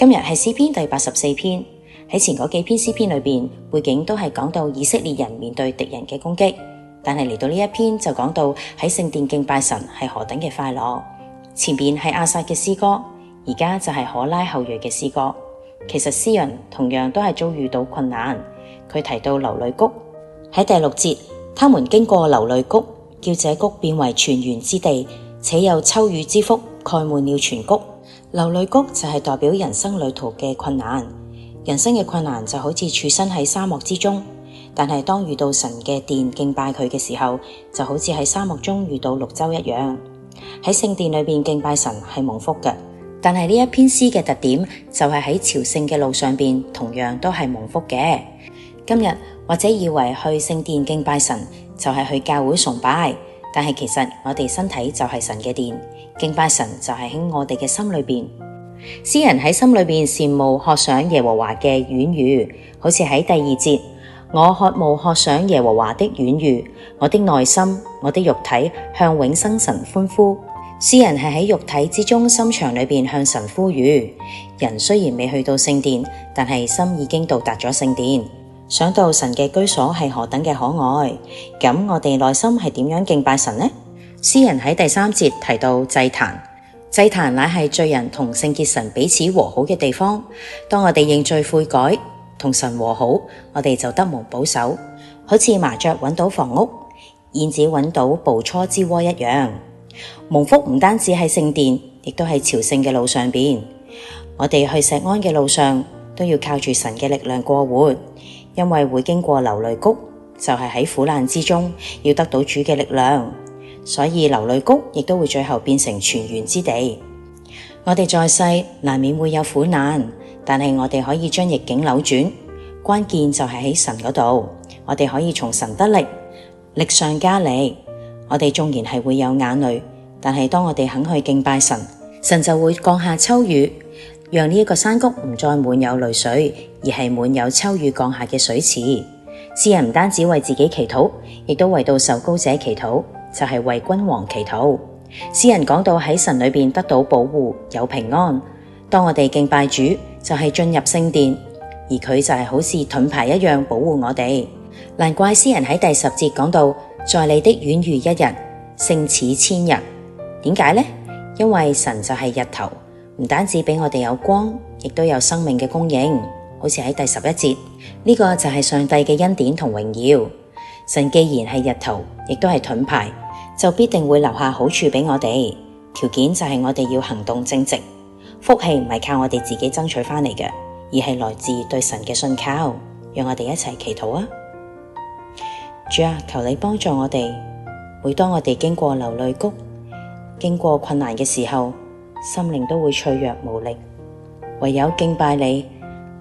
今日係詩篇第八十四篇。喺前嗰幾篇詩篇裏面，背景都係講到以色列人面對敵人嘅攻擊，但係嚟到呢一篇就講到喺聖殿敬拜神係何等嘅快樂。前面係亞薩嘅詩歌，而家就係可拉後裔嘅詩歌。其實詩人同樣都係遭遇到困難，佢提到流淚谷，喺第六節，他們經過流淚谷，叫這谷變為泉源之地，且有秋雨之福，蓋滿了全谷。流淚谷就係代表人生旅途嘅困難，人生嘅困難就好似處身喺沙漠之中，但係當遇到神嘅殿敬拜佢嘅時候，就好似喺沙漠中遇到綠洲一樣。喺聖殿裏面敬拜神係蒙福嘅，但係呢一篇詩嘅特點就係喺朝聖嘅路上邊同樣都係蒙福嘅。今日或者以為去聖殿敬拜神就係、是、去教會崇拜。但係其實我哋身體就係神嘅殿，敬拜神就係喺我哋嘅心裏邊。詩人喺心裏邊羨慕渴想耶和華嘅院宇，好似喺第二節，我渴慕渴想耶和華的院宇，我的內心、我的肉體向永生神歡呼。詩人係喺肉體之中、心腸裏邊向神呼籲。人雖然未去到聖殿，但係心已經到達咗聖殿。想到神嘅居所係何等嘅可愛，咁我哋內心係點樣敬拜神呢？詩人喺第三節提到祭壇，祭壇乃係罪人同聖潔神彼此和好嘅地方。當我哋認罪悔改，同神和好，我哋就得蒙保守，好似麻雀揾到房屋，燕子揾到菢雛之窩一樣。蒙福唔單止係聖殿，亦都係朝聖嘅路上邊。我哋去錫安嘅路上都要靠住神嘅力量過活。因為會經過流淚谷，就係、是、喺苦難之中要得到主嘅力量，所以流淚谷亦都會最後變成泉源之地。我哋在世難免會有苦難，但係我哋可以將逆境扭轉，關鍵就係喺神嗰度，我哋可以從神得力，力上加力。我哋縱然係會有眼淚，但係當我哋肯去敬拜神，神就會降下秋雨，讓呢一個山谷唔再滿有淚水。而係滿有秋雨降下嘅水池。詩人唔單止為自己祈禱，亦都為到受膏者祈禱，就係、是、為君王祈禱。詩人講到喺神裏面得到保護，有平安。當我哋敬拜主，就係、是、進入聖殿，而佢就係好似盾牌一樣保護我哋。難怪詩人喺第十節講到，在你的院宇一日，勝似千日。點解呢？因為神就係日頭，唔單止俾我哋有光，亦都有生命嘅供應。好似喺第十一節呢，這個就係上帝嘅恩典同榮耀。神既然係日頭，亦都係盾牌，就必定會留下好處俾我哋。條件就係我哋要行動正直，福氣唔係靠我哋自己爭取返嚟嘅，而係來自對神嘅信靠。讓我哋一齊祈禱啊！主啊，求你幫助我哋。每當我哋經過流淚谷，經過困難嘅時候，心靈都會脆弱無力，唯有敬拜你。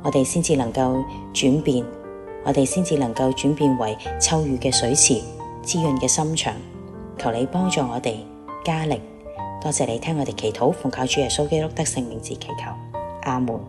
我哋先至能夠轉變，我哋先至能夠轉變為秋雨嘅水池，滋潤嘅心腸。求你幫助我哋加力。多謝你聽我哋祈禱，奉靠主耶穌基督得聖名字祈求，阿門。